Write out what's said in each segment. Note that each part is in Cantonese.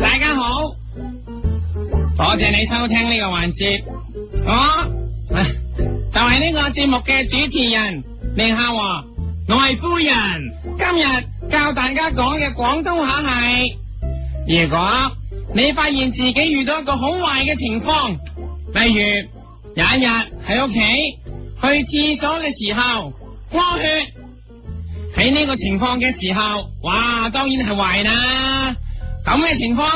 大家好，多謝，謝你收聽呢個環節。我，啊、就係、是、呢個節目嘅主持人，名夏華，我係夫人。今日教大家講嘅廣東話係，如果你發現自己遇到一個好壞嘅情況，例如有一日喺屋企去廁所嘅時候屙血。喺呢個情況嘅時候，哇，當然係壞啦！咁嘅情況，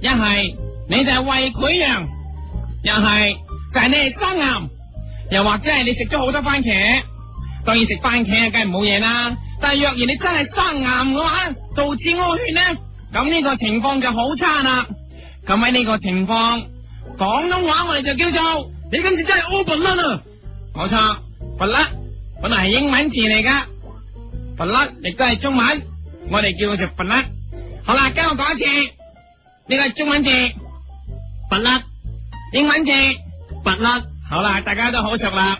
一係你就係胃潰瘍，又係就係你係生癌，又或者係你食咗好多番茄，當然食番茄梗係冇嘢啦。但係若然你真係生癌嘅話，導致屙血呢，咁呢個情況就好差啦。咁喺呢個情況，廣東話我哋就叫做你今次真係屙拔甩啦，冇錯，拔甩本來係英文字嚟噶。笨甩亦都係中文，我哋叫佢做笨甩。好啦，跟我講一次，呢個係中文字，笨甩，英文字，笨甩。好啦，大家都好熟啦。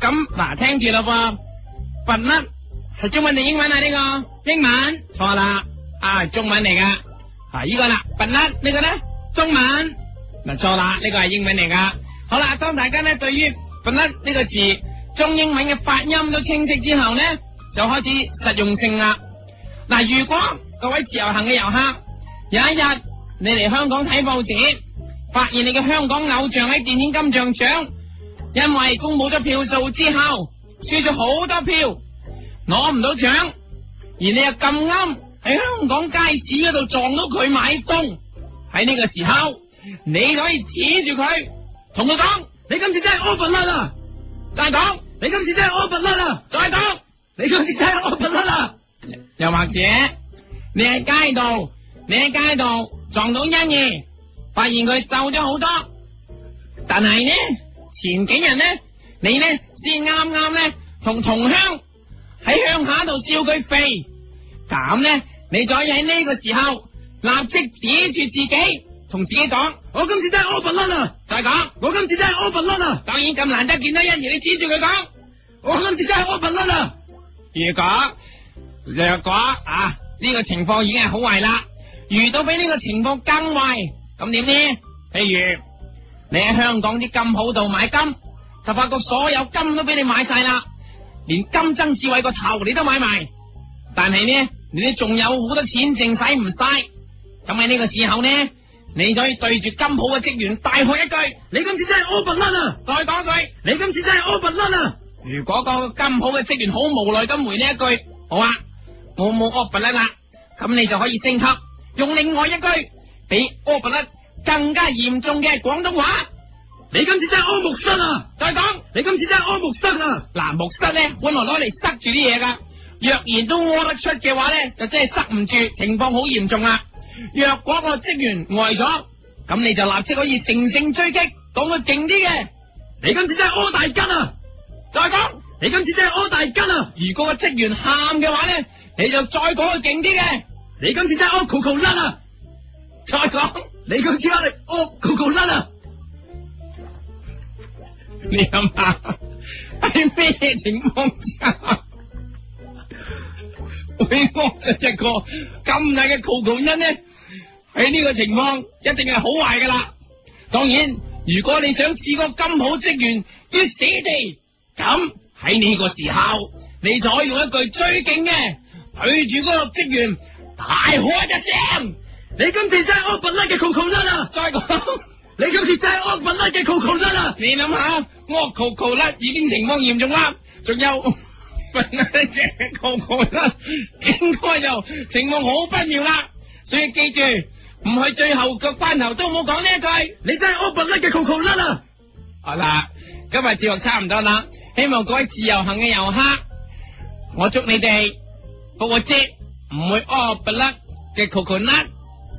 咁嗱，聽住啦噃，笨甩係中文定英文啊？呢個英文錯啦，啊，係中文嚟噶。啊，這個這個、呢個啦，笨甩呢個咧，中文嗱錯啦，呢個係英文嚟噶。好啦，當大家咧對於笨甩呢個字中英文嘅發音都清晰之後咧。就開始實用性啦。嗱、啊，如果各位自由行嘅遊客有一日你嚟香港睇報紙，發現你嘅香港偶像喺電影金像獎，因為公布咗票數之後輸咗好多票，攞唔到獎，而你又咁啱喺香港街市度撞到佢買餸，喺呢個時候你可以指住佢，同佢講： 你今次真係屙拔甩啦！再講說，你今次真係屙拔甩啦！再講說。 你今次真係屙拔甩啦！又或者你喺街度，你喺街度撞到欣宜，發現佢瘦咗好多。但係呢前幾日呢，你呢先啱啱呢同同鄉喺鄉下度笑佢肥，咁呢你就可以喺呢個時候立即指住自己同自己講：我今次真係屙拔甩啦！就係講我今次真係屙拔甩啦！當然咁難得見到欣宜，你指住佢講：我今次真係屙拔甩啦！如果略果啊，呢個情況已經係好壞啦。遇到比呢個情況更壞，咁點呢？譬如你喺香港啲金鋪度買金，就發覺所有金都俾你買晒啦，連金曾志偉個頭你都買埋。但係呢，你仲有好多錢淨使唔晒。咁喺呢個時候呢，你就可以對住金鋪嘅職員大喝一句：你今次真係屙拔甩啦！再講句，你今次真係屙拔甩啦！如果個咁好嘅職員好無奈咁回你一句，好話我冇屙拔甩啦，咁你就可以升級，用另外一句比屙拔甩更加嚴重嘅廣東話。你今次真係屙木塞啊！再講說你今次真係屙木，啊、木塞啊！嗱，木塞咧，本來攞嚟塞住啲嘢噶，若然都屙得出嘅話咧，就真係塞唔住，情況好嚴重啦、啊。若果個職員呆咗，咁你就立即可以乘勝追擊，講佢勁啲嘅。你今次真係屙大吉啊！再講，你今次真係屙大吉啊！如果個職員喊嘅話咧，你就再講佢勁啲嘅。你今次真係屙嘈嘈甩啊！再 講是嗎，你 今 次真係屙嘈嘈甩啊！你諗下係咩情況？你屙只只個咁大嘅嘈嘈甩呢？喺呢個情況一定係好壞噶啦。當然，如果你想治個咁好職員，要死地。咁喺呢個時候，你就可以用一句最勁嘅，對住嗰個職員大喝一聲：你今次真係屙拔甩嘅 call call 甩啊！再講說， 你今次真係屙拔甩嘅 call call 甩啊！你諗下，屙 call call 甩已經情況嚴重啦，仲有屙拔甩嘅 call call 甩，應該就情況好不妙啦。所以記住，唔係最後個班頭都冇講呢一句，你真係屙拔甩嘅 call call 甩啊！好啦，今日節目差唔多啦。希望各位自由行嘅遊客，我祝你哋個個即唔會屙不甩嘅 curl 甩，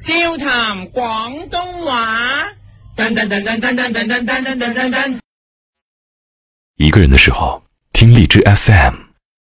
笑談廣東話。噔噔噔噔噔噔噔噔噔噔噔噔。一個人嘅時候，聽荔枝 FM。